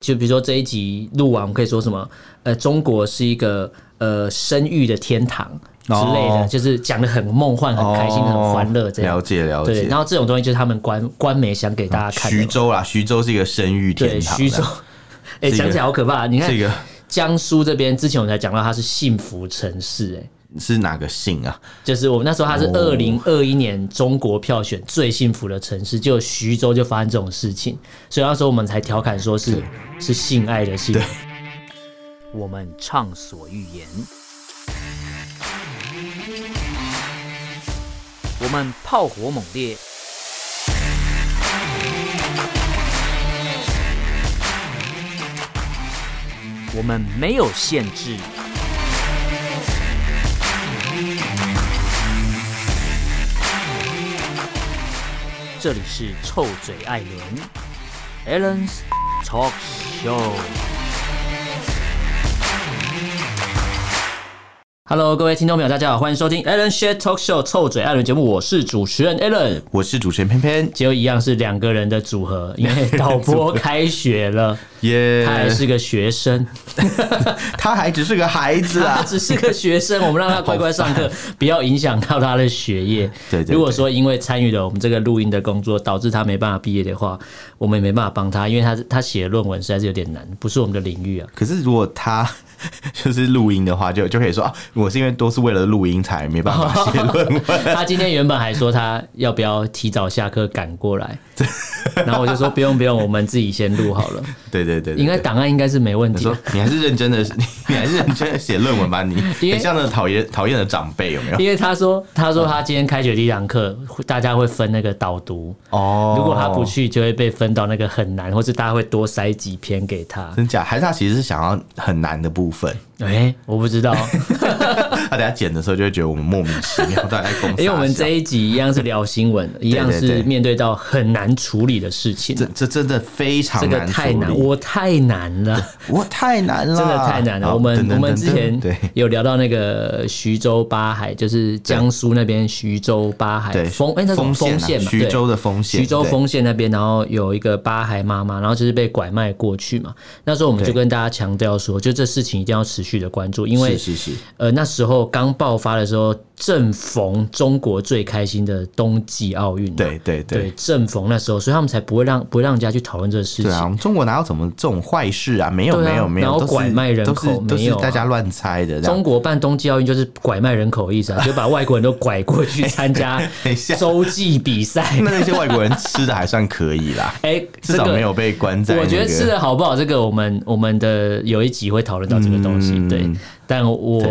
就比如說這一集錄完，我們可以說什麼？呃，中國是一個呃生育的天堂之類的，哦、就是講的很夢幻、很開心、哦、很歡樂這樣。了解了解。然後這種東西就是他們官官媒想給大家看的、嗯。徐州啦，徐州是一個生育天堂對。徐州，哎，講、欸、起來好可怕。個你看個江蘇這邊，之前我們才講到它是幸福城市、欸，哎。是哪個性啊？就是我們那時候，他是二零二一年中國票選最幸福的城市，就、oh、徐州就發生這種事情，所以那時候我們才調侃說是是性愛的性。我們暢所欲言，我們炮火猛烈，我們沒有限制。這裡是臭嘴艾倫 Allen's Talk Show。Hello，各位聽眾朋友，大家好，歡迎收聽 Allen's Talk Show 臭嘴艾倫節目。我是主持人 Allen。我是主持人偏偏，就一樣是兩個人的組合，因為導播開學了。 Yeah、他還是個學生 他還只是個孩子啊， 只是個學生。我們讓他乖乖上課，不要影響到他的學業。 對對，對。如果說因為參與了我們這個錄音的工作，導致他沒辦法畢業的話，我們也沒辦法幫他，因為他他寫論文實在是有點難，不是我們的領域啊。可是如果他就是錄音的話，就就可以說啊，我是因為都是為了錄音才沒辦法寫論文。 他今天原本還說他要不要提早下課趕過來，對，然後我就說不用不用，我們自己先錄好了。 對對，對。對對，對，對對，應該檔案應該是沒問題。你，你還是認真的， 你還是認真的寫論文吧。你很像那討厭討厭的長輩，有沒有？因為他說：“他說他今天開學第一堂課，大家會分那個導讀哦、嗯。如果他不去，就會被分到那個很難，或者大家會多塞幾篇給他。”真假？還是他其實是想要很難的部分？哎、欸，我不知道。 他等下剪的時候就會覺得我們莫名其妙再來攻。因為我們這一集一樣是聊新聞，一樣是面對到很難處理的事情。對對對，這這真的非常難，這個太難，我太難了，我太難了，真的太難了。哦、我們噔噔噔噔，我們之前有聊到那個徐州八孩，就是江蘇那邊徐州八孩。對，豐哎那豐縣嘛豐縣啊，徐州的豐縣，徐州豐縣那邊，然後有一個八孩媽媽，然後就是被拐賣過去嘛。那時候我們就跟大家強調說，就這事情一定要持續。去的關注，因為是是是呃，那時候剛爆發的時候，正逢中國最開心的冬季奧運、啊，對對對，對，正逢那時候，所以他們才不會讓不會讓人家去討論這個事情。對啊，我們中國哪有怎麼這種壞事啊？沒有、啊、沒有沒有，然後拐賣人口，沒有。大家亂猜的。中國辦冬季奧運就是拐賣人口的意思，啊，就把外國人都拐過去參加洲際比賽。那、 欸、那些外國人吃的還算可以啦，哎、欸這個，至少沒有被關在、那個。我覺得吃的好不好？這個我們我們的有一集會討論到這個東西。嗯對，但我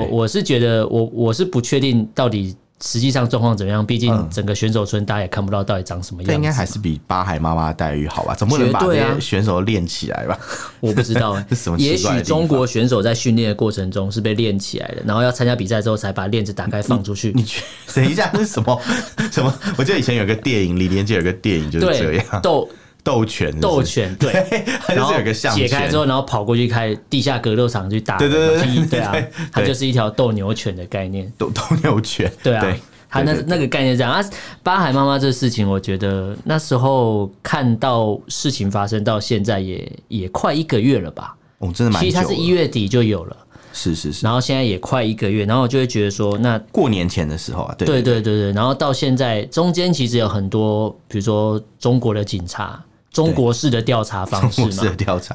我是覺得我我是不確定到底實際上狀況怎麼樣，畢竟整個選手村大家也看不到到底長什麼樣。嗯、應該還是比八孩媽媽待遇好吧？總不能把這些選手練起來吧？ 我不知道 也許中國選手在訓練的過程中是被練起來的，然後要參加比賽之後才把鏈子打開放出去。嗯、你去等一下，那什麼 什麼？我記得以前有個電影，李連杰有個電影就是這樣鬥犬、就是、犬、鬥 犬，對，然後解開之後，然後跑過去開地下格鬥場去打，對對對、對、對啊對，它就是一條鬥牛犬的概念，鬥、鬥牛犬，對啊，對對對對，它那那個概念是這樣啊。八孩媽媽這事情，我覺得那時候看到事情發生到現在也，也也快一個月了吧？哦、真的蠻，其實它是一月底就有了，是是是，然後現在也快一個月，然後我就會覺得說那，那過年前的時候啊，對對對對，然後到現在中間其實有很多，比如說中國的警察。中國式的調查方式嘛，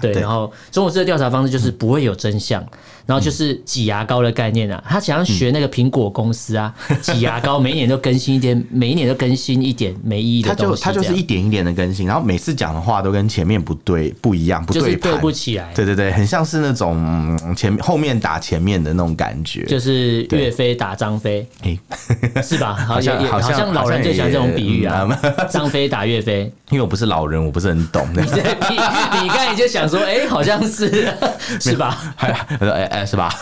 對，然後中國式的調查方式就是不會有真相，嗯、然後就是擠牙膏的概念啊，他想要學那個蘋果公司啊，擠、嗯、牙膏，每一年都更新一點， 每一年都更新一點沒意義的東西，他就他就是一點一點的更新，然後每次講的話都跟前面不對不一樣，不、就是、對不起來不對，對對對，很像是那種前後面打前面的那種感覺，就是岳飛打張飛，是吧？ 好像、也、好像、好像老人最喜歡這種比喻啊，張、嗯、飛打岳飛，因為我不是老人，我不是。真懂，你在騙。你看，你就想說，哎、欸，好像是是吧？還，哎哎、欸欸，是吧？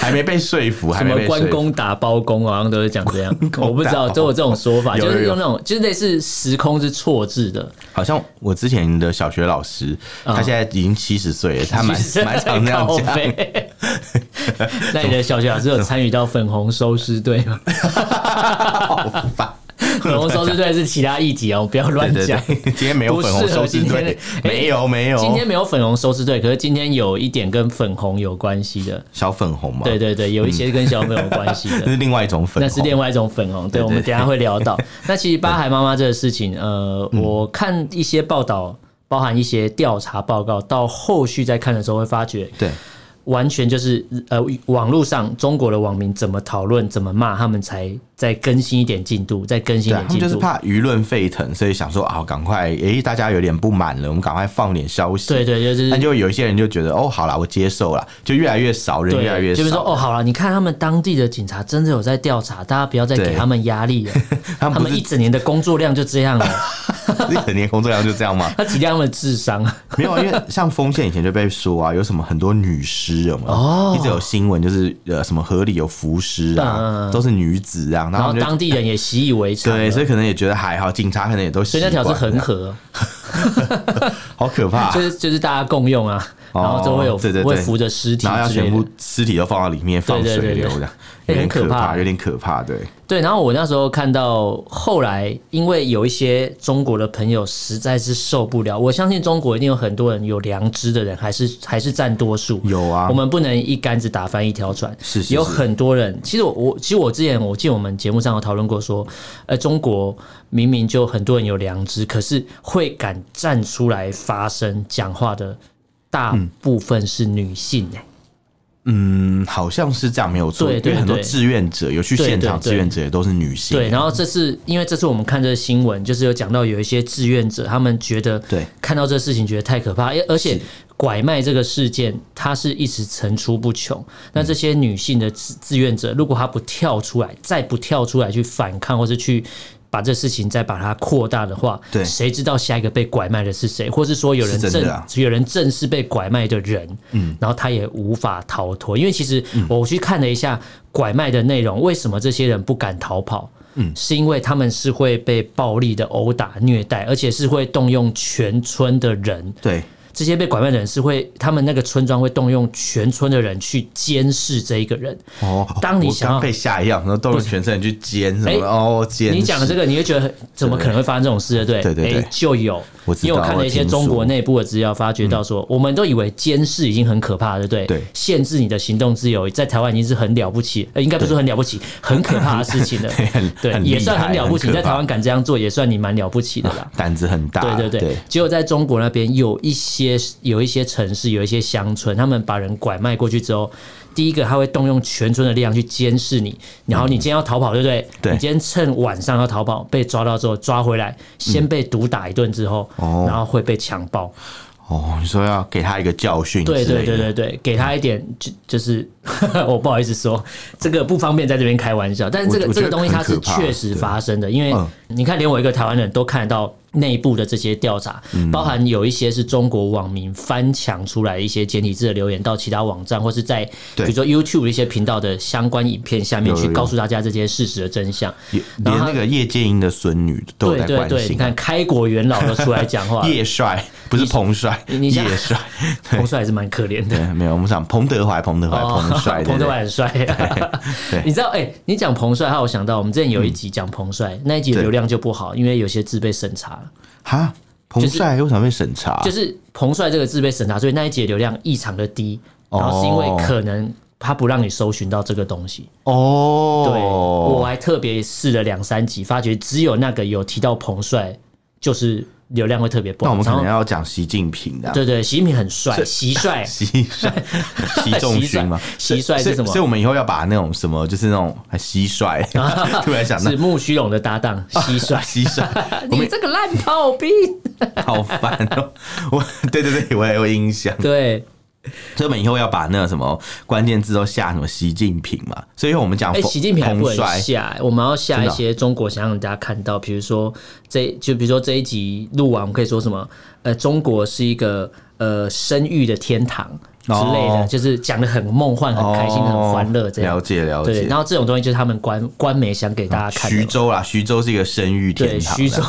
還沒被說服，還沒什麼關公打包公，好像都是講這樣。我不知道，都有這種說法，就是用那種，就是類似時空是錯置的。好像我之前的小學老師，他現在已經七十歲了，哦、他蠻蠻常那樣講。 那你的小學老師有參與到粉紅收屍隊嗎？我不發。粉紅收屍隊是其他議題哦、啊，我不要亂講。今天沒有粉紅收屍隊，欸，沒有沒有。今天沒有粉紅收屍隊，可是今天有一點跟粉紅有關係的，小粉紅嘛。對對對，有一些跟小粉紅有關係的，那、嗯、 是另外一種粉紅，那是另外一種粉紅。對、對、對、對、對，我們等一下會聊到。那其實八孩媽媽這個事情，呃，我看一些報道，包含一些調查報告，到後續再看的時候會發覺，對。完全就是呃，網絡上中國的網民怎麼討論、怎麼罵，他們才再更新一點進度，再更新一點進度。他們就是怕輿論沸騰，所以想說啊，趕快，哎、欸，大家有點不滿了，我們趕快放點消息。對對，對，就是。那就有一些人就覺得，哦、喔，好了，我接受了，就越來越少，人越來越少。就是說，哦、喔，好了，你看他們當地的警察真的有在調查，大家不要再給他們壓力了 他。他們一整年的工作量就這樣了， 一整年工作量就這樣嗎？他只練了智商， 沒有。因為像豐縣以前就被說啊，有什麼很多女士。哦，一直有新聞，就是呃，什麼河裡有浮屍啊、嗯，都是女子啊，然後當地人也習以為常，對，所以可能也覺得還好，警察可能也都，所以那條是恆河， 好可怕啊，就是就是大家共用啊，然後都會有對對會扶着屍體，然後,對對對然後要全部屍體都放到裡面，放水流的。對對對對對有點可怕，有點可怕，有點可怕，對。對，然後我那時候看到，後來因為有一些中國的朋友實在是受不了，我相信中國一定有很多人有良知的人，還是還是佔多數。有啊，我們不能一竿子打翻一條船，是是是。有很多人。其實我我其實我之前我記得我們節目上有討論過說，說呃，中國明明就很多人有良知，可是會敢站出來發聲講話的，大部分是女性呢、欸。嗯嗯，好像是這樣沒有錯，因為很多志願者對對對，有去現場，對對對，志願者也都是女性。對，然後這次因為這次我們看這個新聞，就是有講到有一些志願者，他們覺得對，看到這個事情覺得太可怕，因而且拐賣這個事件，它是一直層出不窮。那這些女性的志志願者、嗯，如果她不跳出來，再不跳出來去反抗或是去。把這事情再把它擴大的話，對，誰知道下一個被拐賣的是誰？或是說有人正、啊、有人正是被拐賣的人，嗯，然後他也無法逃脫，因為其實我去看了一下拐賣的內容、嗯，為什麼這些人不敢逃跑？嗯，是因為他們是會被暴力的毆打、虐待，而且是會動用全村的人，對。這些被拐賣的人是會，他們那個村莊會動用全村的人去監視這一個人。哦，當你想要被嚇一跳，然後動用全村人去監視。哎、就是欸，哦，監視。你講的這個，你會覺得怎麼可能會發生這種事的？對，對，對，對，對，對、欸，就有。我因為我看了一些中國內部的資料，發覺到說，嗯、我們都以為監視已經很可怕了，對不對？限制你的行動自由，在台灣已經是很了不起，應該不是很了不起，很可怕的事情了。 對，也算很了不起，在台灣敢這樣做，也算你蠻了不起的了，啊、膽子很大。對對對，對，結果在中國那邊有一些有一些城市，有一些鄉村，他們把人拐賣過去之後。第一個，他會動用全村的力量去監視你，然後你今天要逃跑，對不對？、嗯、對。你今天趁晚上要逃跑，被抓到之後抓回來，先被毒打一頓之後、嗯，然後會被強暴，哦，你說要給他一個教訓，對對對對對，給他一點就、嗯、就是， 我不好意思說這個不方便在這邊開玩笑，但這個這個東西它是確實發生的，嗯、因為你看，連我一個台灣人都看得到。內部的這些調查，包含有一些是中國網民翻牆出來一些簡體字的留言，到其他網站或是在比如說 YouTube 一些頻道的相關影片下面去告訴大家這些事實的真相。有有有連那個葉劍英的孫女都有關心、啊、對，對對，對你看，開國元老都出來講話。葉 帥不是彭帥，你講 彭帥，彭帥還是蠻可憐的。沒有，我們講彭德懷，彭德懷，彭、哦、懷，彭德懷很帥。 你知道，哎、欸，你講彭帥，害我想到我們之前有一集講彭帥、嗯，那一集的流量就不好，因為有些字被審查。哈，彭帥又想被審查？就是彭帥這個字被審查，所以那一集流量異常的低，oh. 然後是因為可能他不讓你搜尋到這個東西。哦、oh.，對，我還特別試了兩三集，發覺只有那個有提到彭帥，就是。流量會特別爆，那我們可能要講習近平的，啊。對對，對，習近平很帥，習帥，習帥，習仲勳嘛？習帥是什麼所？所以我們以後要把那種什麼，就是那種還習帥，突然，啊、想到，是慕虛榮的搭檔，習、啊、帥，習帥、啊，你這個爛炮兵，好煩哦、喔！我，對對對，我也有印象，對。所以我們以後要把那個什麼關鍵字都下什麼習近平嘛。所以，以我們講、欸，哎，習近平不會下。我們要下一些中國想讓大家看到，比、喔、如說這就比如說這一集錄完，我們可以說什麼，呃，中國是一個呃生育的天堂之類的，哦、就是講的很夢幻、很開心、哦、很歡樂這樣。了解了解。然後這種東西就是他們官官媒想給大家看、嗯。徐州啦，徐州是一個生育天堂。徐州，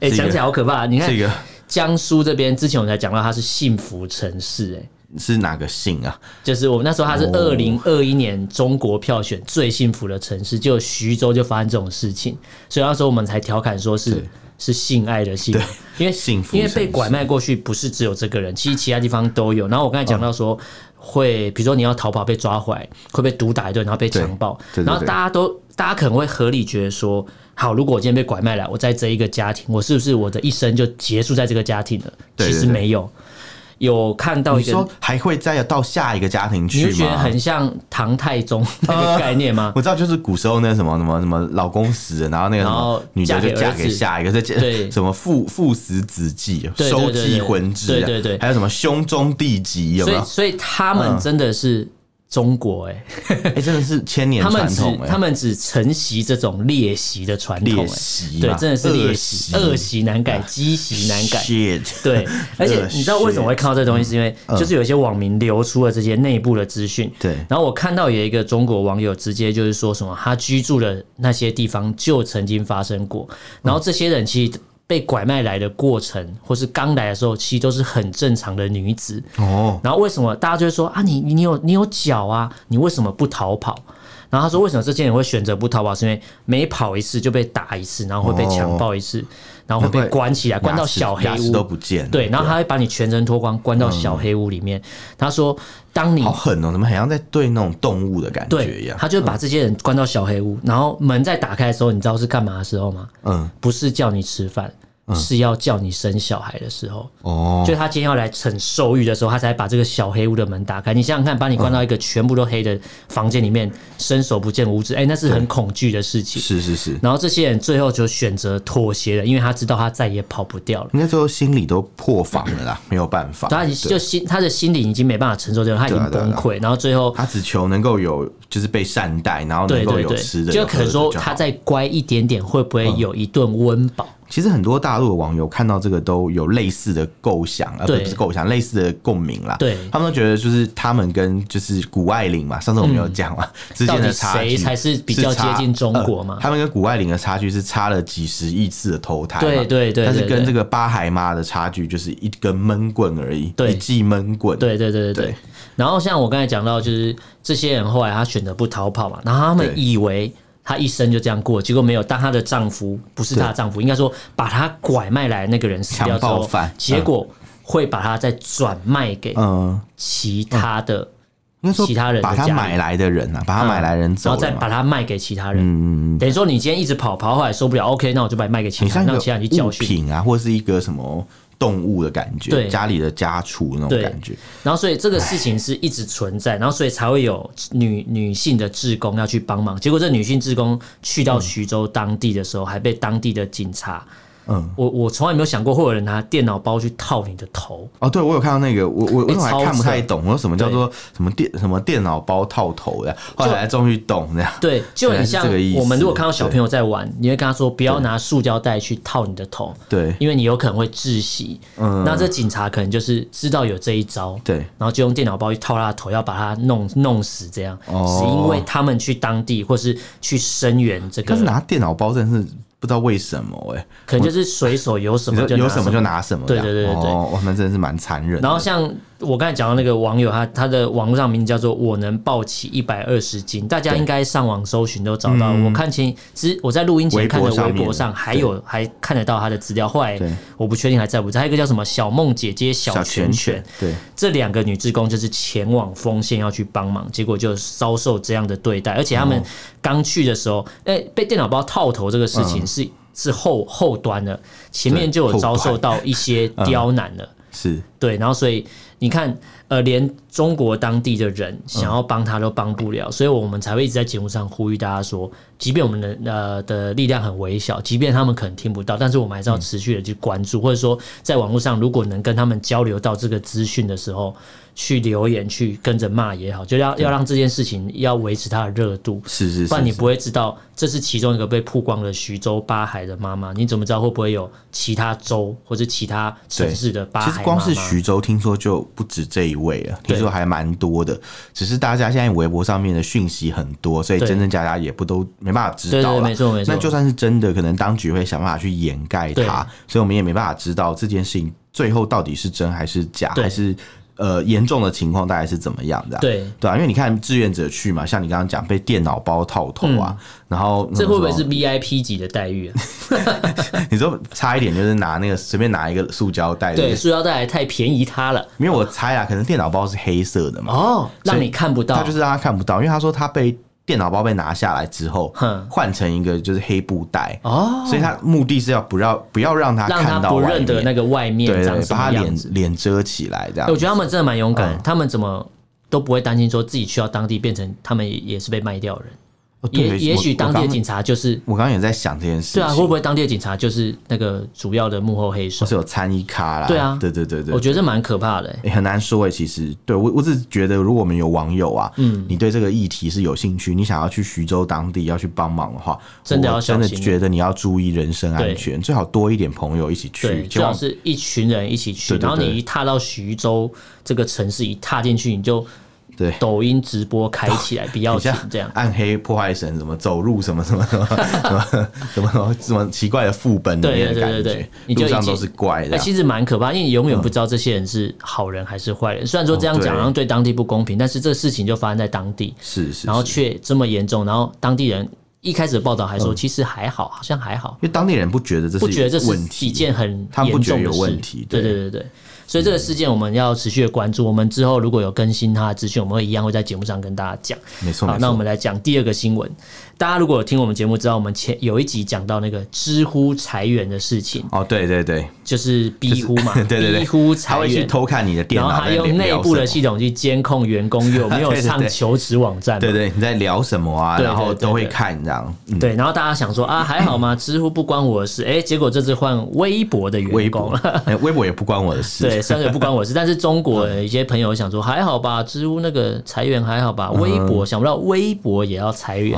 哎，講、欸、起來好可怕。個你看個江蘇這邊，之前我們才講到它是幸福城市、欸，哎。是哪個姓啊？就是我們那時候，他是二零二一年中國票選最幸福的城市，就、oh. 徐州就發生這種事情，所以那時候我們才調侃說是是，是性愛的性愛，因為幸福，因為被拐賣過去不是只有這個人，其實其他地方都有。然後我剛才講到說，oh. 會比如說你要逃跑被抓回來，會被毒打一頓，然後被強暴對對對對，然後大家都大家可能會合理覺得說，好，如果我今天被拐賣了，我在這一個家庭，我是不是我的一生就結束在這個家庭了？對對對其實沒有。有看到一個你說還會再到下一個家庭去嗎？全很像唐太宗那個概念嗎？嗯、我知道，就是古時候那什麼什麼什麼，老公死了然後那個什麼女的就嫁給，對對對對對對對，嫁給下一個，對，什什麼父父死子繼，收繼婚制、啊。對對，對對對，還有什麼兄終弟及有沒有所？所以他們真的是。嗯中國哎，哎，真的是千年傳統、欸、他們只他們只承襲這種劣習的傳統，劣習對，真的是劣習，惡習難改，積習難改。啊、難改 shit, 對，而且你知道為什麼會看到這東西，是因為就是有一些網民流出了這些內部的資訊，對、嗯嗯。然後我看到有一個中國網友直接就是說什麼，他居住的那些地方就曾經發生過，然後這些人其實。被拐賣來的過程，或是剛來的時候，其實都是很正常的女子。哦、oh.，然後為什麼大家就會說啊，你你有你有腳啊，你為什麼不逃跑？然後他說，為什麼這些人會選擇不逃跑，是因為每跑一次就被打一次，然後會被強暴一次。Oh. 然後會被關起來，關到小黑屋，牙齒都不見了對。對，然後他會把你全身脫光，關到小黑屋裡面。嗯、他說：“當你好狠哦，怎麼好像在對那種動物的感覺一樣？”對，他就把這些人關到小黑屋，嗯、然後門在打開的時候，你知道是幹嘛的時候嗎？嗯，不是叫你吃飯。嗯、是要叫你生小孩的時候，哦，就他今天要來逞獸慾的時候，他才把這個小黑屋的門打開。你想想看，把你關到一個全部都黑的房間裡面，伸、嗯、手不見五指，哎、欸，那是很恐懼的事情、嗯。是是是。然後這些人最後就選擇妥協了，因為他知道他再也跑不掉了。那時候心裡都破防了啦，嗯、沒有辦法。他就心，他的心理已經沒辦法承受這種、個，他已經崩潰、啊啊啊。然後最後他只求能夠有，就是被善待，然後能夠有吃的對對對。就可能說，他再乖一點點，會不會有一頓溫飽？嗯其實很多大陸的網友看到這個都有類似的構想啊，而不是構想，類似的共鳴了。對，他們都覺得就是他們跟就是谷愛凌嘛，上次我們有講嘛，嗯、之間的差距是差誰才是比較接近中國嘛、呃。他們跟谷愛凌的差距是差了幾十億次的投胎，對對,對對對。但是跟這個八孩媽的差距就是一根悶棍而已，對一記悶棍。對對對對,對,對。然後像我剛才講到，就是這些人後來他選擇不逃跑嘛，然後他們以為。她一生就這樣過，結果沒有。當她的丈夫不是她的丈夫，丈夫應該說把她拐賣來的那個人死掉之後，結果會把她再轉賣給嗯其他的，嗯其他的嗯嗯、其他人把她買來的人啊，嗯、把她買來的人，然後再把她賣給其他人。嗯嗯等於說你今天一直跑跑，後來受不了，OK，那我就把你賣給其他人。人去教訓。物品啊，或是一個什麼，動物的感覺，對家裡的家畜那種感覺，然後所以這個事情是一直存在，然後所以才會有女女性的志工要去幫忙，結果這女性志工去到徐州當地的時候，嗯、還被當地的警察。嗯，我我從來沒有想過會有人拿電腦包去套你的頭哦。對，我有看到那個，我我我還看不太懂，欸，我說什麼叫做什麼電什麼電腦包套頭呀？後來終於懂了。對，就很像我們如果看到小朋友在玩，你會跟他說不要拿塑膠袋去套你的頭。對，你，對，因為你有可能會窒息。嗯，那這警察可能就是知道有這一招，對，然後就用電腦包去套他的頭，要把他弄弄死這樣。哦，是因為他們去當地或是去聲援這個，可是拿電腦包真的是。不知道為什麼哎、欸，可能就是隨手有什麼就什麼有什麼就拿什麼，對對對對，對，哦，那真的是蠻殘忍的。然後像。我剛才講到那個網友他，他他的網絡上名字叫做“我能抱起一百二十斤”，大家應該上網搜尋都找到、嗯。我看前其實我在錄音前看的微博上，微博上還有還看得到他的資料，後來我不確定還在不在。還有一個叫什麼“小夢姐姐”、“小泉泉，對，對這兩個女志工就是前往豐縣要去幫忙，結果就遭受這樣的對待，而且他們剛去的時候，哎、嗯欸，被電腦包套頭這個事情是、嗯、是後後端的，前面就有遭受到一些刁難了，嗯、是對，然後所以。你看。呃，連中國當地的人想要幫他都幫不了，嗯，所以我們才會一直在節目上呼籲大家說，即便我們的呃的力量很微小，即便他們可能聽不到，但是我們還是要持續的去關注，嗯、或者說在網絡上，如果能跟他們交流到這個資訊的時候，去留言去跟着罵也好，就要，嗯、要讓這件事情要維持它的熱度。是是，是，不然你不會知道這是其中一個被曝光的徐州八孩的媽媽。你怎麼知道會不會有其他州或者其他城市的八孩媽媽？其實光是徐州，聽說就不止這一一位啊，聽說還蠻多的，只是大家現在微博上面的訊息很多，所以真真假假也不都沒辦法知道啦。對對對，沒錯沒錯。那就算是真的，可能當局會想辦法去掩蓋它，對。所以我們也沒辦法知道這件事情最後到底是真還是假。對。還是。呃，嚴重的情況大概是怎麼樣的？對，對啊，因為你看志願者去嘛，像你剛剛講被電腦包套頭啊，嗯、然後這會不會是 VIP 級的待遇、啊？ 你說差一點就是拿那個隨便拿一個塑膠袋，對，對塑膠袋還太便宜他了，因為我猜啊，可能電腦包是黑色的嘛，哦，讓你看不到，他就是讓他看不到，因為他說他被。電腦包被拿下來之後，換成一個就是黑布袋。哦，所以他目的是要不要不要讓他看到，讓他不認得那個外面樣子，對對對，把他臉臉遮起來這樣。我覺得他們真的蠻勇敢，嗯，他們怎麼都不會擔心說自己去到當地變成他們也是被賣掉的人。也也許當地的警察就是，我剛剛也在想這件事情對。對啊，會不會當地的警察就是那個主要的幕後黑手？是有參一咖啦。對啊，對對對對，對，我覺得這蠻可怕的、欸。也、欸、很難說誒，其實，對我，我只是覺得，如果我們有網友啊，嗯，你對這個議題是有興趣，你想要去徐州當地要去幫忙的話，真的要小心，真的覺得你要注意人身安全，最好多一點朋友一起去，就要最好是一群人一起去對對對對。然後你一踏到徐州這個城市，一踏進去你就。對，抖音直播開起來比較像這樣， 暗黑破壞神什麼走路什麼什麼什麼什麼， 什麼什麼什麼什麼奇怪的副本的感覺。對，對，對對對。你就路上都是怪的、欸。其實蠻可怕，因為你永遠不知道這些人是好人還是壞人、嗯。雖然說這樣講好像對當地不公平，嗯、但是這個事情就發生在當地，是、哦、是，然後卻這麼嚴重。然後當地人一開始報道還說其實還好、嗯，好像還好，因為當地人不覺得這是問題，不覺得這是幾件很嚴重的，他不覺得有問題。對，對對對對。所以這個事件我們要持續的關注。嗯、我們之後如果有更新它的資訊，我們會一樣會在節目上跟大家講。沒錯，好，那我們來講第二個新聞。大家如果有聽我們節目，知道我們前有一集講到那個知乎裁員的事情哦，對對對，就是逼乎嘛，就是、對對對，逼乎裁員，還會去偷看你的電腦，然後他用內部的系統去監控員工有沒有上求職網站，對,對對，你在聊什麼啊？然後都會看這、啊、樣、嗯，對。然後大家想說啊，還好嗎？知乎不關我的事，哎，結果這次換微博的員工了，微博也不關我的事， 對，雖然也不關我的事， 但是中國的一些朋友想說還好吧，知乎那個裁員還好吧，微博想不到微博也要裁員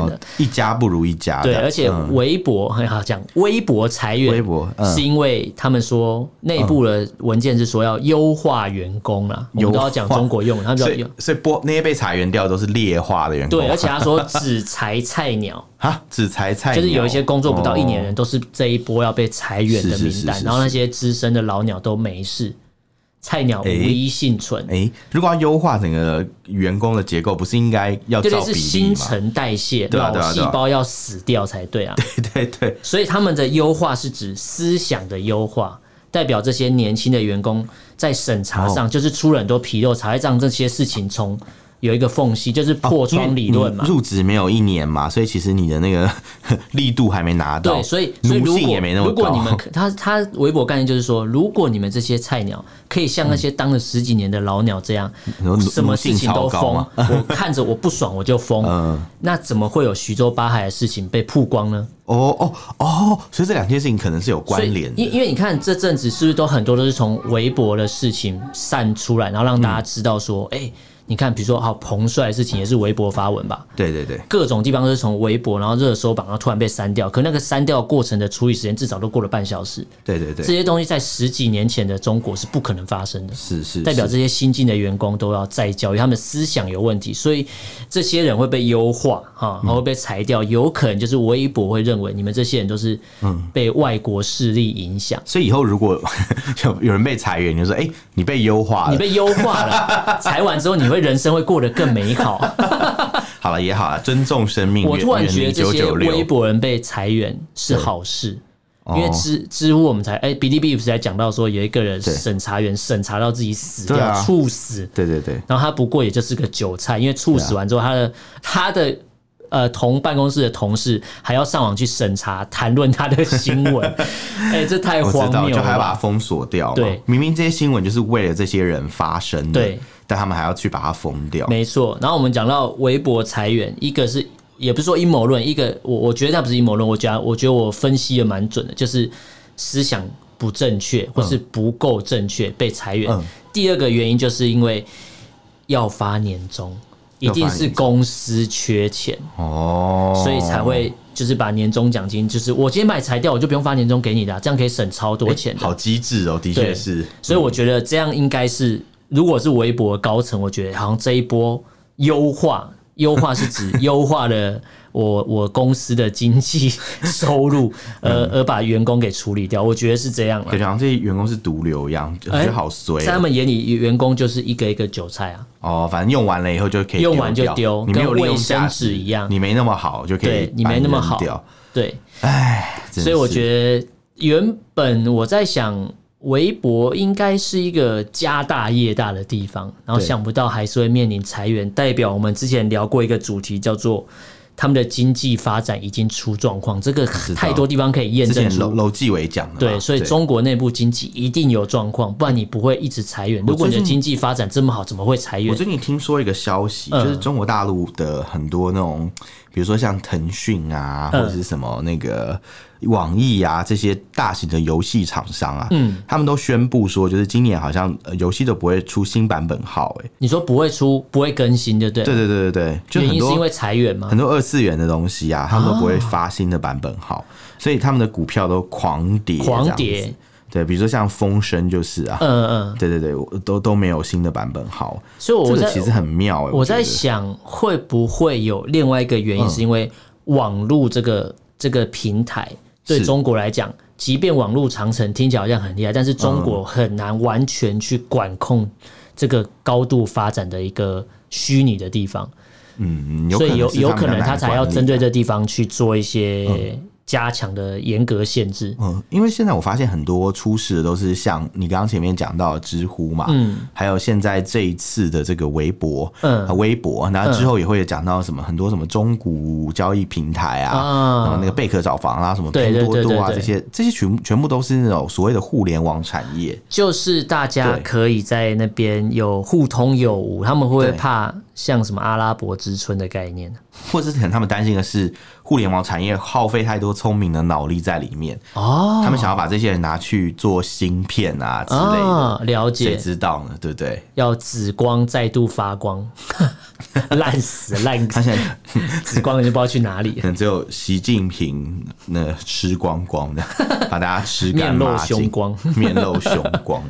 一家不如一家，對，而且微博、嗯、很好講，微博裁員，微博是因為他們說內部的文件是說要優化員工了、嗯嗯，我們都要講中國用，然後就所以波那些被裁員掉都是劣化的員工，對，而且他說只裁菜鳥啊，只 裁菜鳥，就是有一些工作不到一年的人都是這一波要被裁員的名單，是是是是是，然後那些資深的老鳥都沒事。菜鳥無一幸存、欸欸。如果要優化整個員工的結構，不是應該要就是新陳代謝，對啊、老細胞要死掉才對啊。對對對，對，所以他們的優化是指思想的優化，代表這些年輕的員工在審查上就是出了很多紕漏，才會讓這些事情從。有一個縫隙，就是破窗理論嘛。哦、入職沒有一年嘛，所以其實你的那個力度還沒拿到。對，所以所以如果如果你們可他他微博概念就是說，如果你們這些菜鳥可以像那些當了十幾年的老鳥這樣，嗯、什麼事情都封，我看着我不爽我就封、 嗯。那怎麼會有徐州八孩的事情被曝光呢？哦哦哦，所以這兩件事情可能是有關聯。因因為你看這陣子是不是都很多都是從微博的事情散出來，然後讓大家知道說，哎、嗯。你看，比如說，好彭帥的事情也是微博發文吧？對對對，各種地方都是從微博，然後熱搜榜，然後突然被刪掉。可那個刪掉過程的處理時間至少都過了半小時。對對對，這些東西在十幾年前的中國是不可能發生的。是是、是、是，代表這些新進的員工都要再教育，他們思想有問題，所以這些人會被優化，哈，然後被裁掉，有可能就是微博會認為你們這些人都是被外國勢力影響、嗯。所以以後如果有有人被裁員，你就說：“哎、欸，你被優化了。”你被優化了，裁完之後你會。人生會過得更美好。 好了，也好啊，尊重生命。我突然覺得這些微博人被裁員是好事，因為知、哦、知，知乎我們才哎，Bilibili 不是才講到說有一個人審查員審查到自己死掉，猝、啊、死。對對對。然後他不過也就是個韭菜，因為猝死完之後他、啊，他的他的呃同辦公室的同事還要上網去審查談論他的新聞，哎、 欸，這太荒謬了，就還要把他封鎖掉對，對明明這些新聞就是為了這些人發聲的。對。但他們還要去把它封掉，沒錯。然後我們講到微博裁員，一個是也不是說陰謀論，一個我我覺得它不是陰謀論，我覺我覺得我分析的蠻準的，就是思想不正確或是不夠正確被裁員、嗯。第二個原因就是因為要發年終、嗯，一定是公司缺錢哦，所以才會就是把年終獎金，就是我今天把你裁掉，我就不用發年終給你的、啊，這樣可以省超多錢、欸、好機智哦，的確是。所以我覺得這樣應該是。嗯如果是微博的高層，我覺得好像這一波優化優化是指優化了我 我公司的經濟收入而，而、嗯、而把員工給處理掉，我覺得是這樣了，對，好像這些員工是毒瘤一樣，感、欸、覺、就是、好衰，在他們眼裡，員工就是一個一個韭菜啊。哦，反正用完了以後就可以丟掉，用完就丟，跟衛生紙一樣，你沒那麼好就可以，你沒那麼好，對，哎，所以我覺得原本我在想。微博應該是一個家大業大的地方，然後想不到還是會面臨裁員，代表我們之前聊過一個主題，叫做他們的經濟發展已經出狀況，這個太多地方可以驗證。之前樓樓繼偉講的。對，所以中國內部經濟一定有狀況，不然你不會一直裁員。如果你的經濟發展這麼好，怎麼會裁員？我最近聽說一個消息，嗯、就是中國大陸的很多那種。比如說像騰訊啊，或者是什麼那個網易啊，這些大型的遊戲廠商啊，嗯，他們都宣布說，就是今年好像遊戲都不會出新版本號，哎，你說不會出，不會更新就對，就對對對對對，原因是因為裁員嘛，很多二次元的東西啊，他們都不會發新的版本號，哦，所以他們的股票都狂跌，狂跌。對，比如說像風聲就是啊，嗯嗯，對對對，都都沒有新的版本好，所以我覺得、個、其實很妙、欸。我在想我，會不會有另外一個原因，是因為網絡這個、嗯、這個平台對中國來講，即便網絡長城聽起來好像很厲害，但是中國很難完全去管控這個高度發展的一個虛擬的地方。嗯嗯，所以有有可能他才要針對這個地方去做一些。嗯加強的嚴格限制。嗯，因為現在我發現很多出事的都是像你剛剛前面講到的知乎嘛，嗯，還有現在這一次的這個微博，嗯，微博，然後之後也會講到什麼、嗯、很多什麼中古交易平台啊，啊嗯，那個貝殼找房啊，什麼拼多多啊，對對對對對，這些，這些全全部都是那種所謂的互聯網產業，就是大家可以在那邊有互通有無，他們會不會怕。像什麼阿拉伯之春的概念啊，或者是可能他們擔心的是互聯網產業耗費太多聰明的腦力在裡面哦，他們想要把這些人拿去做芯片啊之類的，哦，了解，誰知道呢？對不對？要紫光再度發光。 爛 死爛，死吃光了就不知道去哪裡。 可能只有習近平那吃光光的，把大家吃乾。 面露凶胸光， 面露凶光。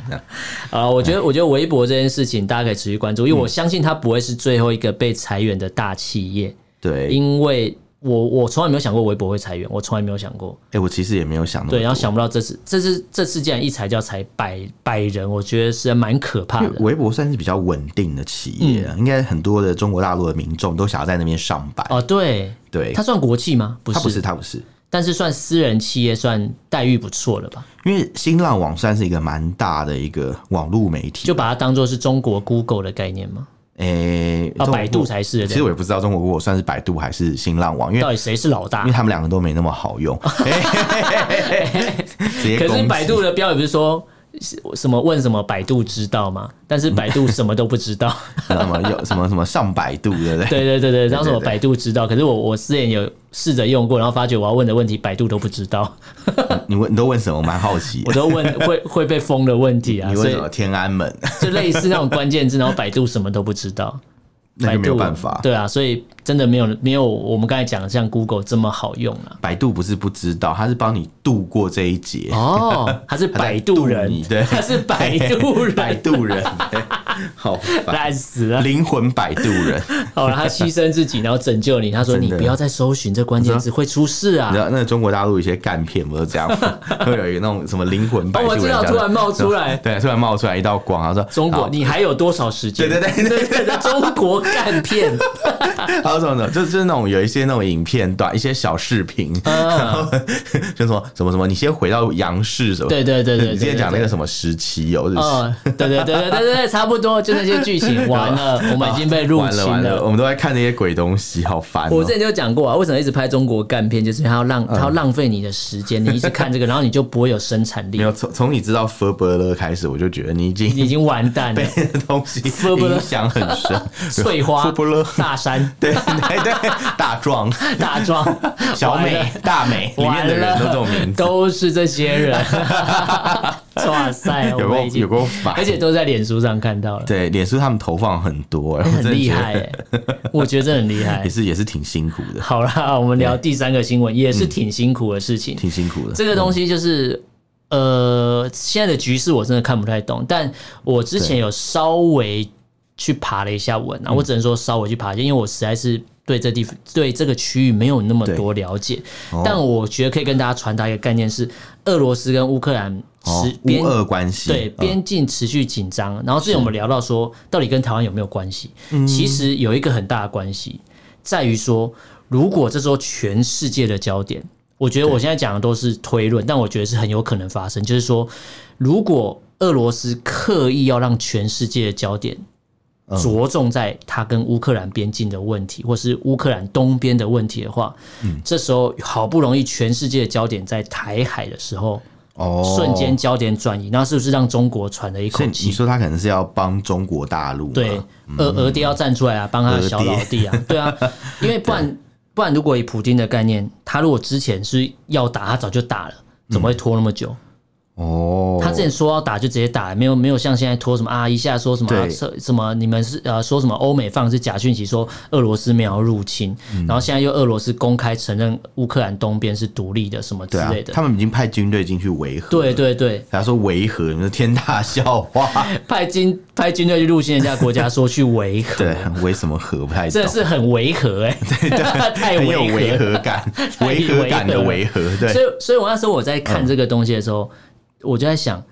啊， 我覺得， 我覺得微博這件事情大家可以持續關注，因為我相信它不會是最後一個被裁員的大企業。對、嗯，因為。我我從來沒有想過微博會裁員，我從來沒有想過。哎、欸，我其實也沒有想那麼多。對，然後想不到這次，這次這次竟然一裁就要裁百百人，我覺得是蠻可怕的。微博算是比較穩定的企業，嗯、應該很多的中國大陸的民眾都想要在那邊上班。哦，對對，它算國企嗎？不是，不是，它不是，但是算私人企業，算待遇不錯了吧？因為新浪網算是一個蠻大的一個網絡媒體，就把它當做是中國 Google 的概念嘛。誒、欸哦，百度才是的。其實我也不知道中國 Google 算是百度還是新浪網，因為到底誰是老大？因為他們兩個都沒那麼好用、 欸嘿嘿嘿。可是百度的標語不是說。什麼問什麼百度知道嗎？但是百度什麼都不知道。什麼有什麼什麼上百度，對不對？對對對對，然後什麼百度知道？可是我我之前有試着用過，然後發覺我要問的問題百度都不知道。你問你都問什麼？我蠻好奇。我都問會會被封的問題啊， 你問什麼，所以天安門 就類似那種關鍵字，然後百度什麼都不知道，那沒有辦法。對啊，所以。真的沒有沒有我們剛才講的像 Google 這麼好用啊！百度不是不知道，他是幫你度過這一劫哦。他是，是百度人，對，他是百度人，百度人，欸百度人欸，好，煩死了！靈魂百度人，好了，他犧牲自己，然後拯救你。他說：“你不要再搜尋這關鍵詞，會出事啊！”你知道，那那中國大陸一些幹片不是這樣， 會有一個那種什麼靈魂百度人。哦，我知道，突然冒出來，對，突然冒出來一道光，他說：“中國，你還有多少時間？”對對對對對， 中國幹幹片。 哦、就，就是那種有一些那種影片短一些小視頻、啊哦，然後就說什麼什麼，你先回到央視什麼？對對對對，對，你今天講那個什麼時期有、哦，對、哦、對對對對對，差不多就那些劇情、喔、完了，我們已經被入侵了，完了，完了，我們都在看那些鬼東西，好煩、哦。我之前就講過啊，為什麼一直拍中國幹片，就是他要浪他要浪費你的時間、嗯，你一直看這個，然後你就不會有生產力。沒有從從你知道傅伯樂開始，我就覺得你已經你已經完蛋了，的東西影響很深。翠、啊嗯、花、傅伯樂大山，對。對 對，大壯、大壯、小美， 大美、大美，裡面的人都這種名字，都是這些人。哇 塞，有過，有過法，而且都在臉書上看到了。對，臉書他們投放很多，然後很厲害、欸，我覺得很厲害。 也是也是挺辛苦的。好了，我們聊第三個新聞，也是挺辛苦的事情、嗯，挺辛苦的。這個東西就是，嗯、呃，現在的局勢我真的看不太懂，但我之前有稍微。去爬了一下穩，然後我只能說稍微去爬一下，嗯、因為我實在是對這地方對這個區域沒有那麼多了解、哦。但我覺得可以跟大家傳達一個概念是，俄羅斯跟烏克蘭持邊、哦、烏俄關係對、嗯、邊境持續緊張、哦。然後之前我們聊到說，到底跟台灣有沒有關係？嗯、其實有一個很大的關係在於說，如果這時候全世界的焦點，我覺得我現在講的都是推論，但我覺得是很有可能發生。就是說，如果俄羅斯刻意要讓全世界的焦點。着、嗯、重在他跟烏克蘭邊境的問題，或是烏克蘭東邊的問題的話、嗯，這時候好不容易全世界的焦點在台海的時候，哦，瞬間焦點轉移，那是不是讓中國喘了一口氣？你說他可能是要幫中國大陸？對，俄、嗯、俄爹要站出來啊，幫他的小老弟啊，對啊， 因為不然不然，如果以普京的概念，他如果之前是要打，他早就打了，怎麼會拖那麼久？嗯哦、oh，他之前說要打就直接打，沒有沒有像現在拖什麼啊。一下說什麼、啊、什麼你們是呃說什麼歐美放是假訊息，說俄羅斯沒有入侵、嗯，然後現在又俄羅斯公開承認烏克蘭東邊是獨立的什麼之類的。啊、他們已經派軍隊進去維和。對對對，他說維和，你說天大笑話。 派、派軍派軍隊去入侵人家國家，說去維和，對，維什麼和。不太這是很違和哎，對。太有違和感，違和感的違和。所以、所以我那時候我在看這個東西的時候。嗯我就在想，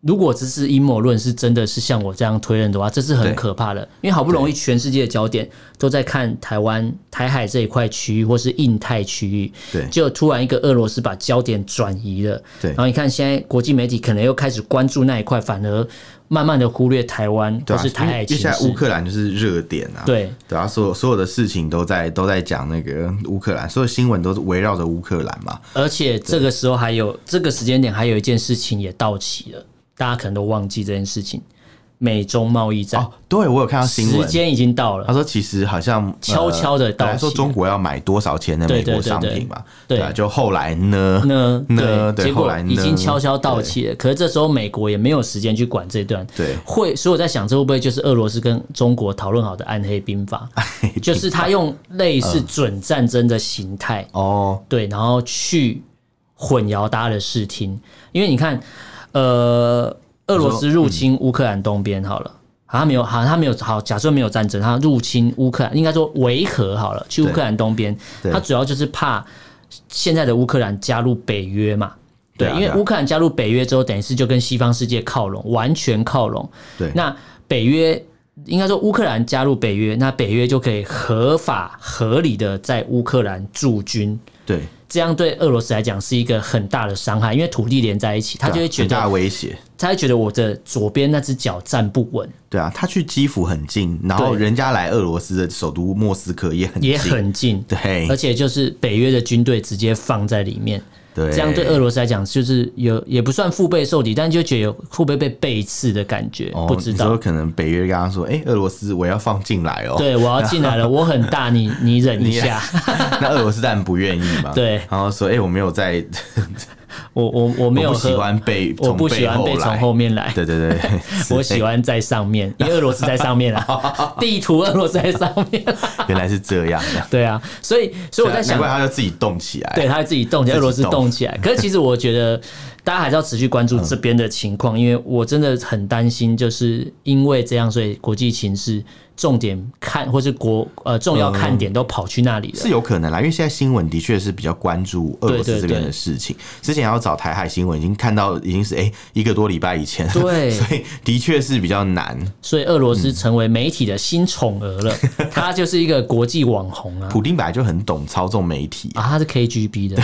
如果只是陰謀論是真的是像我這樣推論的話，這是很可怕的。因為好不容易全世界的焦點都在看台灣、台海這一塊區域，或是印太區域，對，就突然一個俄羅斯把焦點轉移了，對。然後你看現在國際媒體可能又開始關注那一塊，反而。慢慢的忽略台灣就、啊、是台海，因為接下來烏克蘭就是熱點啊，對對啊，所有所有的事情都在都在講那個烏克蘭，所有新聞都是圍繞着烏克蘭嘛，而且這個時候還有這個時間點還有一件事情也到期了，大家可能都忘記這件事情。美中貿易戰哦，對，我有看到新聞，時間已經到了。他說，其實好像悄悄的到期，呃、他說中國要買多少錢的美國商品嘛，對，對，對，對，然後就後來呢呢呢，結果已經悄悄到期了。可是這時候美國也沒有時間去管這段，對，會。所以我在想，這會不會就是俄羅斯跟中國討論好的暗黑，暗黑兵法，就是他用類似準戰爭的形態哦，對，然後去混淆大家的視聽，因為你看，呃。俄羅斯入侵烏克蘭東邊，好了，好像沒有，好像他沒有，好，假設沒有戰爭，他入侵烏克蘭，應該說維和好了，去烏克蘭東邊，他主要就是怕現在的烏克蘭加入北約嘛，對，因為烏克蘭加入北約之後，等於是就跟西方世界靠攏，完全靠攏，對，那北約應該說烏克蘭加入北約，那北約就可以合法合理的在烏克蘭駐軍，對。這樣對俄羅斯來講是一個很大的傷害，因為土地連在一起，他就會覺得很、對啊、大威脅，他會覺得我的左邊那隻腳站不穩。對啊，他去基輔很近，然後人家來俄羅斯的首都莫斯科也很近，也很近，對，而且就是北約的軍隊直接放在裡面。這樣對俄羅斯來講，就是有也不算腹背受敵，但就覺得有腹背被背刺的感覺。哦、不知道，可能北約剛剛說，哎、欸，俄羅斯我、喔，我要放進來哦，對，我要進來了，我很大，你你忍一下。 那俄羅斯當然不願意嘛，對，然後說，哎、欸，我沒有在。 我我我沒有喜歡被我不喜歡被從後，後面來，對對對，欸、 我喜歡在上面，因為俄羅斯在上面啊， 地圖俄羅斯在上面， 原來是這樣的，對啊，所以所以我在想，怪他要自己動起來，對，他要自己動起來，俄羅斯動起來，可是其實我覺得大家還是要持續關注這邊的情況， 因為我真的很擔心，就是因為這樣，所以國際情勢。重點看或是國呃，重要看點都跑去那裡了。嗯，是有可能啦，因為現在新聞的確是比較關注俄羅斯這邊的事情對對對。之前要找台海新聞，已經看到已經是哎、欸、一個多禮拜以前，對，所以的確是比較難。所以俄羅斯成為媒體的新寵兒了。嗯，他就是一個國際網紅啊。 普丁本來就很懂操縱媒體啊，啊，他是 KGB 的。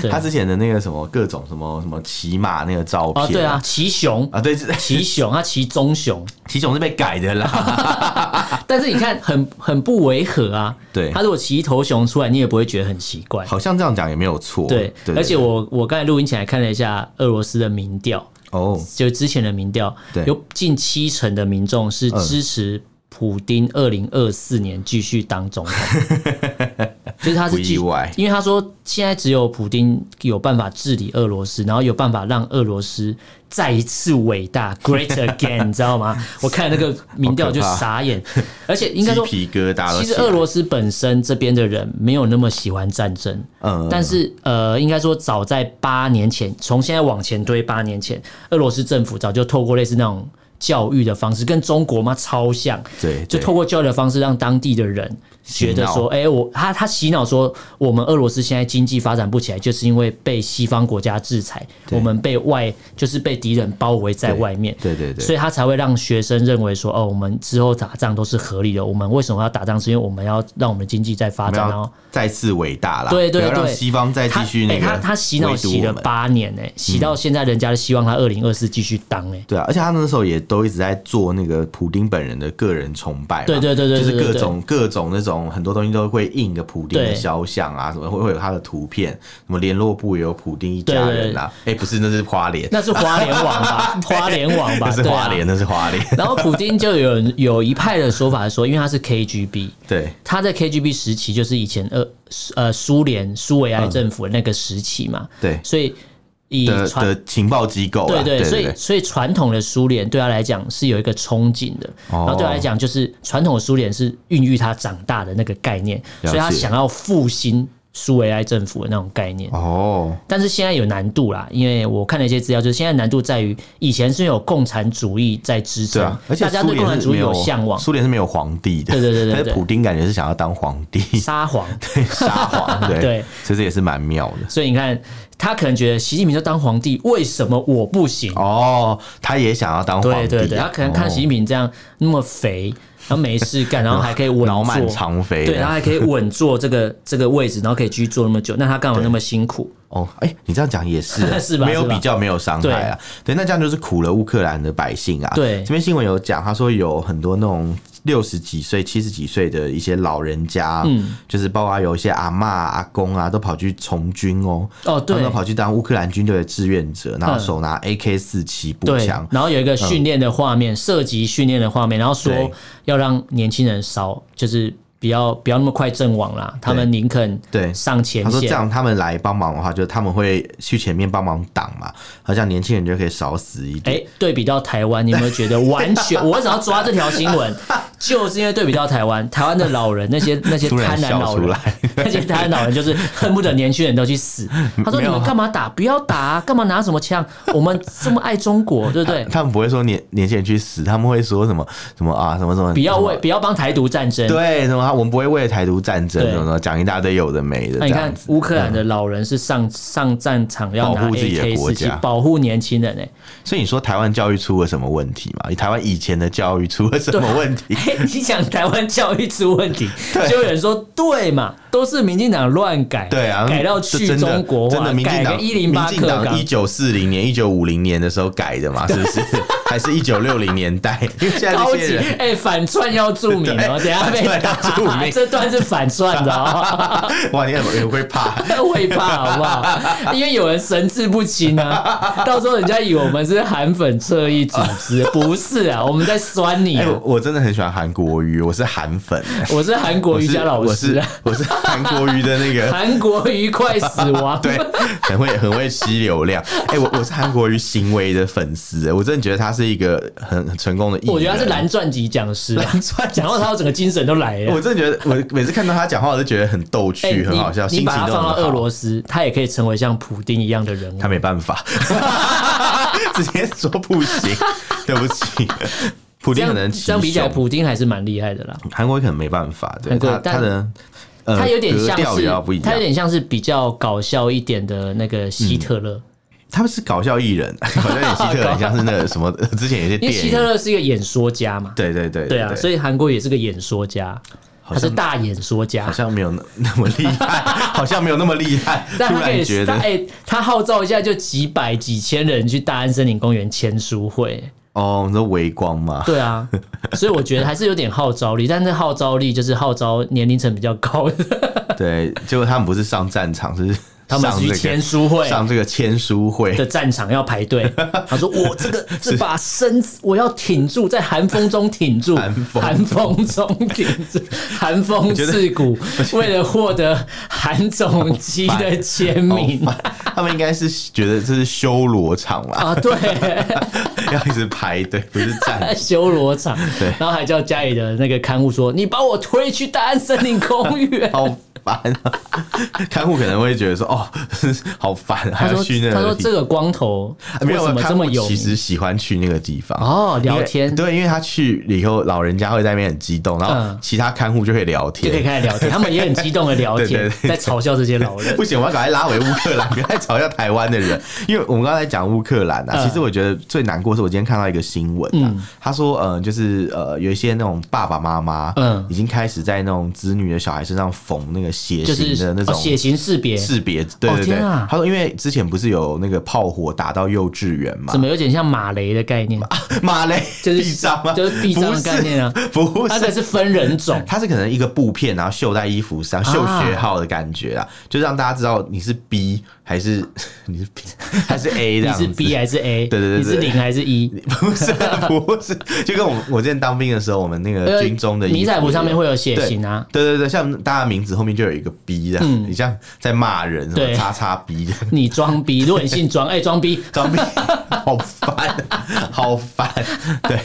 對，他之前的那個什麼各種什麼什麼騎馬那個照片啊，啊對啊，騎熊啊，對，騎熊，他騎棕熊，騎熊是被改的啦。 但是你看很、很很不違和啊。對，他如果騎一頭熊出來，你也不會覺得很奇怪。好像這樣講也沒有錯。對，對，對，對，而且我我剛才錄音起來看了一下俄羅斯的民調哦，oh, 就之前的民調，有近七成的民眾是支持普丁二零二四年繼續當總統。嗯 就是他是意外，因為他說現在只有普丁有辦法治理俄羅斯，然後有辦法讓俄羅斯再一次偉大，Great again，你 知道嗎？我看那個民調就傻眼，而且應該說，其實俄羅斯本身這邊的人沒有那麼喜歡戰爭，嗯，但是呃，應該說早在八年前，從現在往前推八年前，俄羅斯政府早就透過類似那種教育的方式，跟中國嘛超像，對，就透過教育的方式讓當地的人。覺得說，哎、欸，我他他洗腦說，我們俄羅斯現在經濟發展不起來，就是因為被西方國家制裁，我們被外就是被敵人包圍在外面對，對對對，所以他才會讓學生認為說，哦、喔，我們之後打仗都是合理的，我們為什麼要打仗？是因為我們要讓我們的經濟再發展然後再次偉大啦。對對對，對，讓西方再繼續那個他、欸、他，他洗腦洗了八年、欸，呢，洗到現在，人家希望他二零二四繼續當、欸，哎、嗯，對啊，而且他那時候也都一直在做那個普丁本人的個人崇拜，對對對對，對，對，對對對對，就是各種各種那種。很多東西都會印個普丁的肖像啊，什麼會會有他的圖片，什麼聯絡部也有普丁一家人的、啊。哎，欸、不是，那是花蓮、 啊，那是花蓮王吧，花蓮王吧，那是花蓮，那是花蓮。然後普丁就有有一派的說法說，因為他是 KGB，對，他在 KGB 時期就是以前呃呃蘇聯蘇維埃政府的那個時期嘛，嗯、對，所以。的的情報機構、啊，對對，對，對對，所以所以傳統的蘇聯對他來講是有一個憧憬的，哦、然後對他來講就是傳統的蘇聯是孕育他長大的那個概念，所以他想要復興蘇維埃政府的那種概念。哦，但是現在有難度啦，因為我看了一些資料，就是現在難度在於以前是有共產主義在支撐，啊、而且蘇聯大家對共產主義有向往，蘇聯是沒有皇帝的，對對對對，對，對，普丁感覺是想要當皇帝，沙皇， 對沙皇，對， 對，其實也是蠻妙的，所以你看。他可能覺得習近平就當皇帝，為什麼我不行？哦，他也想要當皇帝，啊。對，對，對他可能看習近平這樣那麼肥，哦，然後沒事幹，然後還可以穩坐腦滿腸肥的，對，他還可以穩坐這個 這個位置，然後可以繼續坐那麼久。那他幹嘛那麼辛苦？哦，哎，欸，你這樣講也是，啊 是，沒有比較沒有傷害啊對。對，那這樣就是苦了烏克蘭的百姓啊。對，這邊新聞有講，他說有很多那種。六十幾歲、七十幾歲的一些老人家，嗯，就是包括有一些阿嬤、阿公啊，都跑去從軍哦，哦，對，都跑去當烏克蘭軍隊的志願者，然後手拿 AK 四七步槍，然後有一個訓練的畫面，射擊訓練的畫面，然後說要讓年輕人少，就是比較不要那麼快陣亡啦，他們寧肯對上前線，他說這樣他們來幫忙的話，就是他們會去前面幫忙擋嘛，好像年輕人就可以少死一點。哎、欸，對比到台灣，你有沒有覺得完全？ 我只要抓這條新聞。 就是因為對比到台灣，台灣的老人那些那些貪婪老人，那些貪婪老，老人就是恨不得年輕人都去死。 他說：“你們幹嘛打？不要打、啊！幹嘛拿什麼槍？ 我們這麼愛中國，對不對？”他，他們不會說年年輕人去死，他們會說什麼什麼啊什麼什麼？不要為不要幫台獨戰爭，對什麼？我們不會為了台獨戰爭什麼講一大堆有的沒的。啊、你看烏克蘭的老人是上、嗯、上戰場要拿 AKC，保護自己的國家，保護年輕人呢、欸。所以你說台灣教育出了什麼問題嘛？你台灣以前的教育出了什麼問題？你講台灣教育出問題，就有人說對嘛，都是民進黨亂改，對啊，改到去中國化，改到一零八課，民進黨一九四零年、一九五零年的時候改的嘛，是不是？ 還是一九六零年代？因 為現在這些哎、欸，反串要注明哦，等下被打 這段是反串的、喔，知道嗎？哇，你很會怕， 會怕好不好？因為有人神志不清啊， 到時候人家以為我們是韓粉側翼組織，不是啊， 我們在酸你、啊欸。我真的很喜歡韓。韓國瑜，我是韓粉。我是韓國瑜伽老師、啊。我是韓國瑜的那個。韓國瑜快死亡。 對，很會很會吸流量。哎、欸，我我是韓國瑜行為的粉絲。我真的覺得他是一個很，很成功的藝人。我覺得他是藍鑽級講師、啊。藍鑽講話，他的整個精神都來了。我真的覺得，我每次看到他講話，我都覺得很逗趣，欸、很好笑。心情你把他放到俄羅斯，斯，他也可以成為像普丁一樣的人物、喔。他沒辦法， 直接說不行， 對不起。普丁，可能相比較，普丁還是蠻厲害的啦。韓國也可能沒辦法對的，他他的他有點像是，他有點像是比較搞笑一點的那個希特勒。嗯、他們是搞笑藝人，反正希特勒 像是那個什麼， 之前有些電影希特勒是一個演說家嘛，對對對，對，對，對，對啊，所以韓國也是個演說家，他是大演說家，好像沒有那麼厲害， 好像沒有那麼厲害 也。突然覺得他也他也，他號召一下就幾百幾千人去大安森林公園簽書會。哦，你說微光嘛，對啊，所以我覺得還是有點號召力， 但是號召力就是號召年齡層比較高的， 對，結果他們不是上戰場是。他們上簽書會上這個簽書會的戰場要排隊。這個、 他說：“我這個是把身子，我要挺住，在寒風中挺住，寒風中挺住，寒風刺骨，為了獲得韓總機的簽名。”他們應該是覺得這是修羅場吧？ 啊，對， 要一直排隊，不是站 修羅場。對，然後還叫家裡的那個看護說：“你把我推去大安森林公園。好”煩， 看護可能會覺得說哦，好煩，還要去那個他說這個光頭沒有什麼這麼、啊、有？其實喜歡去那個地方哦，聊天。對，因為他去以後，老人家會在那邊很激動，然後其他看護就會聊天，就、嗯、 可以開始聊天。他們也很激動的聊天， 對對對對，在嘲笑這些老人。不行，我要趕快拉回烏克蘭，趕 快嘲笑台灣的人。因為我們剛才講烏克蘭啊、嗯，其實我覺得最難過是我今天看到一個新聞、啊嗯，他說呃，就是呃，有一些那種爸爸媽媽嗯，已經開始在那種子女的小孩身上縫那個。血型的那種、就是哦、血型識別識別，對對對。哦啊、他說，因為之前不是有那個炮火打到幼稚園嘛，怎麼有點像馬雷的概念？馬，馬雷就是臂章，就是臂章、就是、概念啊，不是，不是，它是分人種，它是可能一個布片，然後繡在衣服上，繡學號的感覺啊，啊，就讓大家知道你是 B。還是你是 B, 還是 A 的？你是 B 還是 A？對對對，對，你是零還是一、e?？不是不是，就跟我我之前當兵的時候，我們那個軍中的迷彩服、呃、上面會有血型啊。對，對對對，像大家名字後面就有一個 B 的、嗯，你像在罵人什麼叉叉 B 你裝逼，如果你姓莊，哎，裝、欸、逼，裝逼， 好煩，好煩。對，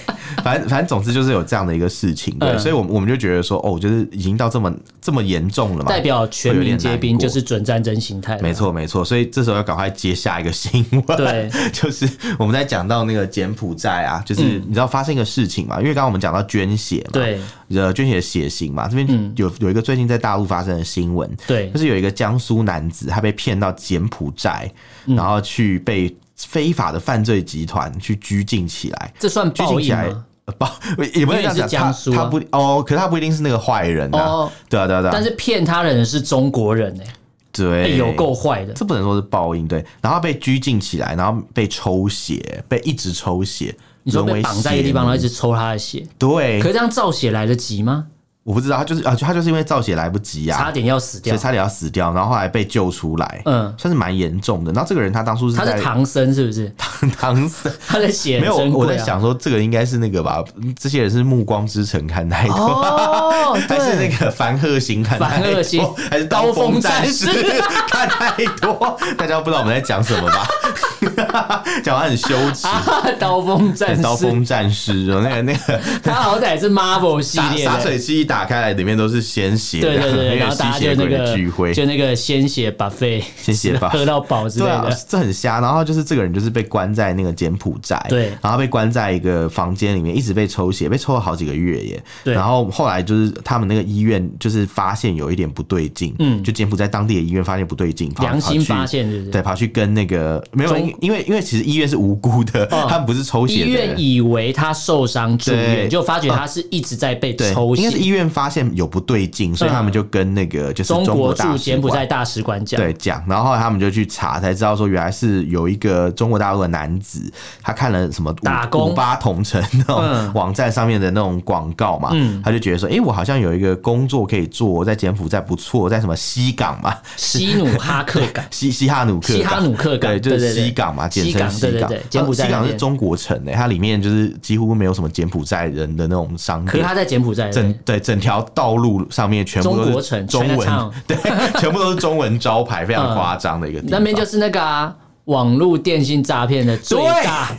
反正反正總之就是有這樣的一個事情，對，嗯、所以，我我們就覺得說，哦，我覺得已經到這麼這麼嚴重了嘛，代表全民皆兵就是準戰爭形態，沒錯沒錯。所以這時候要趕快接下一個新聞，對， 就是我們在講到那個柬埔寨啊，就是你知道發生一個事情嘛、嗯，因為剛剛我們講到捐血嘛，對，呃，捐血血型嘛，這邊有、嗯、有一個最近在大陸發生的新聞，對，就是有一個江蘇男子他被騙到柬埔寨、嗯，然後去被非法的犯罪集團去拘禁起來、嗯、拘禁起來，這算拘禁起來？不、呃，也不一定是講，是江蘇啊、他他不哦，可是他不一定是那個壞人啊，哦、對啊對啊對啊，但是騙他的人是中國人呢、欸。對，欸、有夠壞的，這不能說是報應。對，然後被拘禁起來，然後被抽血，被一直抽血。你說被綁在一個地方，然後一直抽他的血，血對。可是這樣造血來得及嗎？我不知道他就是啊，他就是因為造血來不及啊，差點要死掉，差點要死掉，然後後來被救出來，嗯，算是蠻嚴重的。然後這個人他當初是在他是唐僧是不是？唐唐僧他在寫沒有，我在想說這個應該是那個吧？這些人是《暮光之城》看太多、哦，還是那個《凡赫辛》看太多，凡還是《刀鋒戰士》看太多？ 大家不知道我們在講什麼吧？ 講 話很羞恥、啊，刀鋒戰，戰士，刀鋒戰士哦，那個那個，他好歹是 Marvel 系列的灑水器一打開來，裡面都是鮮血，對對對，對，血的聚會、那個，就那個鮮血 buffet，鮮血 buffet 喝到飽之類的、啊，這很瞎。然後就是這個人就是被關在那個柬埔寨，對，然後被關在一個房間裡面，一直被抽血，被抽了好幾個月耶。然後後來就是他們那個醫院就是發現有一點不對勁，嗯，就柬埔寨當地的醫院發現不對勁，良、嗯、心發現是不是，對，跑去跟那個沒有。因為因為其實醫院是無辜的，嗯、他們不是抽血的。醫院以為他受傷住院，就發覺他是一直在被抽血。血、嗯。因為是醫院發現有不對勁、嗯，所以他們就跟那個就是中國駐柬埔寨大使館講，對講。然後後來他們就去查，才知道說原來是有一個中國大陸的男子，他看了什麼五打工、五八同城那種，網站上面的那種廣告嘛、嗯，他就覺得說，哎、欸，我好像有一個工作可以做，在柬埔寨不錯，在什麼西港嘛，西努哈克港， 西西哈努克港，西哈努克港，對，對對。西港嘛。嘛，西港，西對，對，對柬埔寨西港是中國城誒、欸，它裡面就是幾乎沒有什麼柬埔寨人的那種商店。可是它在柬埔寨整、對整條道路上面全部都是中、文中國城，中文 對，全部都是中文招牌， 非常誇張的一個地方、嗯。那邊就是那個、啊。網絡電信詐騙的最大，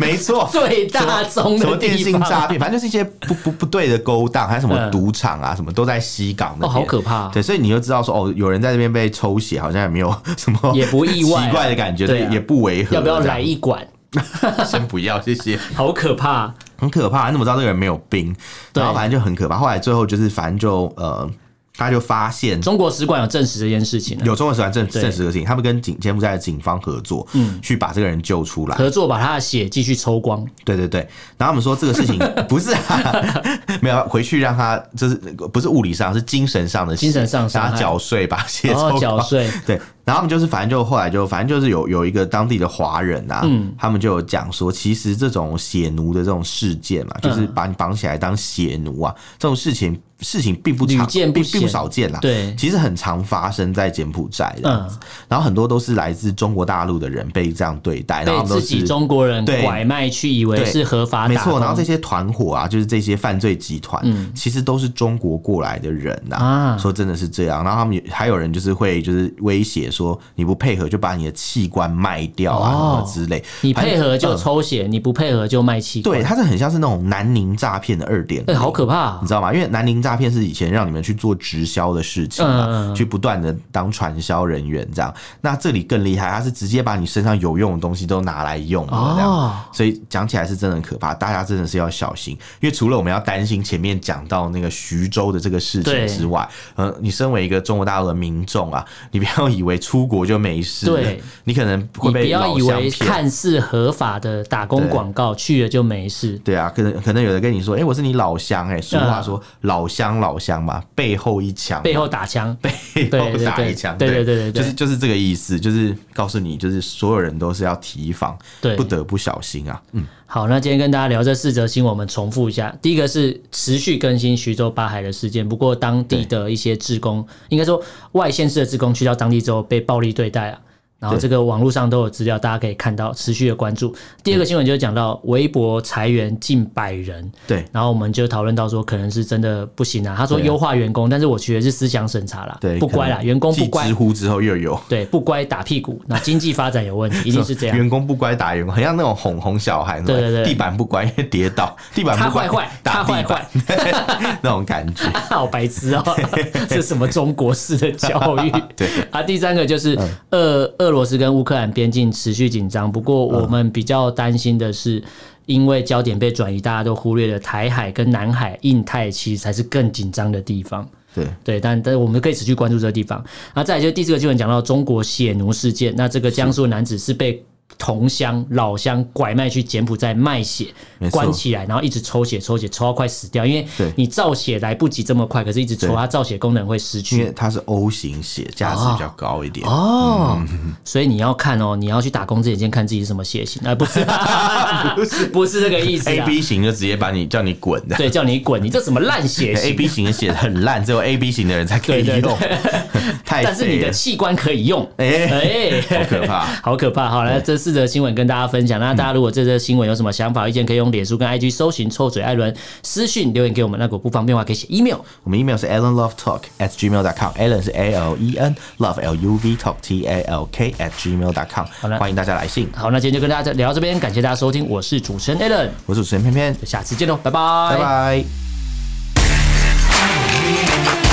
沒錯，最大宗的什麼電信詐騙，反正就是一些不不不對的勾當，還有什麼賭場啊、嗯，什麼都在西港那、哦、好可怕、啊。對，所以你就知道說，哦，有人在這邊被抽血，好像也沒有什麼，也不意外，奇怪的感覺，對，也不違、啊、和、啊。要不要來一管？ 先不要，謝謝。好可怕、啊，很可怕、啊。你怎麼知道這個人沒有冰？對，然後反正就很可怕。後來最後就是，反正就呃。他就發現中國使館有證實這件事情，有中國使館證證實這事情，他們跟警柬埔寨的警方合作，嗯，去把這個人救出來，合作把他的血繼續抽光，對對對，然後我們說這個事情 不是、啊、沒有回去讓他，就是不是物理上，是精神上的血精神上，打繳稅把血然哦，繳稅，對。然後他們就是，反正就後來就，反正就是有有一個當地的華人啊，嗯、他們就有講說，其實這種血奴的這種事件嘛、啊嗯，就是把你綁起來當血奴啊，這種事情事情並不常見不並並不少見啦、啊。對，其實很常發生在柬埔寨的、嗯。然後很多都是來自中國大陸的人被這樣對待，嗯、然後他們自己中國人拐賣去，以為是合法。沒錯，然後這些團夥啊，就是這些犯罪集團，嗯、其實都是中國過來的人吶、啊啊。說真的是這樣，然後他們還有人就是會就是威脅說。說你不配合就把你的器官賣掉啊、哦、什麼之類，你配合就抽血、嗯，你不配合就賣器官。對，它是很像是那種南寧詐騙的二點，哎，好可怕、啊，你知道嗎？因為南寧詐騙是以前讓你們去做直銷的事情、啊、嗯嗯嗯去不斷的當傳銷人員這樣。那這裡更厲害，他是直接把你身上有用的東西都拿來用了這樣，哦、所以講起來是真的很可怕，大家真的是要小心。因為除了我們要擔心前面講到那個徐州的這個事情之外，嗯、呃，你身為一個中國大陸的民眾啊，你不要以為，出國就沒事，對，你可能會被你不要以為看似合法的打工廣告，去了就沒事。對啊，可能可能有人跟你說，哎、欸，我是你老鄉，哎，俗話說、呃、老鄉老鄉嘛，背後一槍，背後打槍，背後打一槍，對對對，對，對，對，對，對，對，就是就是這個意思，就是告訴你，就是所有人都是要提防，不得不小心啊。嗯。好，那今天跟大家聊這四則新聞，我們重複一下。第一個是持續更新徐州八孩的事件，不過當地的一些志工，應該說外縣市的志工去到當地之後被暴力對待啊。然後這個網絡上都有資料，大家可以看到持續的關注。第二個新聞就講到微博裁員近百人，對。然後我們就討論到說，可能是真的不行啊。他說優化員工，但是我覺得是思想審查啦。對，不乖啦，員工不乖。知乎之後又有，對，不乖打屁股。那經濟發展有問題， 一定是這樣。員工不乖打員工，很像那種哄哄小孩，對對對，地板不乖跌倒，地板不乖他壞壞打壞壞。壞壞 那種感覺，啊、好白痴哦、喔。 這是什麼中國式的教育？ 對，對，對啊。第三個就是二、嗯、二。俄羅斯跟烏克蘭邊境持續緊張，不過我們比較擔心的是，因為焦點被轉移，大家都忽略了台海跟南海、印太其實才是更緊張的地方。對對，但但是我們可以持續關注這個地方。那再來就是第四個新聞，講到中國血奴事件，那這個江蘇男子是被。同鄉老鄉拐賣去柬埔寨賣血，關起來，然後一直抽血抽血抽到快死掉，因為你造血來不及這麼快，可是一直抽，他造血功能會失去。因為它是 O 型血價值比較高一點哦、嗯，所以你要看哦、喔，你要去打工之前看自己是什麼血型啊、呃？不是， 不是這個意思。A B 型就直接把你叫你滾，對，叫你滾，你這什麼爛血型？A B 型血很爛，只有 A B 型的人才可以用，對對對 但是你的器官可以用，哎哎、欸，好可怕，好可怕，好，來這四則新聞跟大家分享。那大家如果這則新聞有什麼想法、意、嗯、見，可以用臉書跟 IG 搜尋“臭嘴艾倫”私訊留言給我們。那如、個、果不方便的話，可以寫 email。我們 email 是 allenlovetalk@gmail.com a t。Allen 是 A L E N love L U V talk T A L K at gmail.com。好的，歡迎大家來信。好，那今天就跟大家聊到這邊，感謝大家收聽，我是主持人 Allen，我是主持人片片，下次見嘍，拜拜。拜拜。拜拜。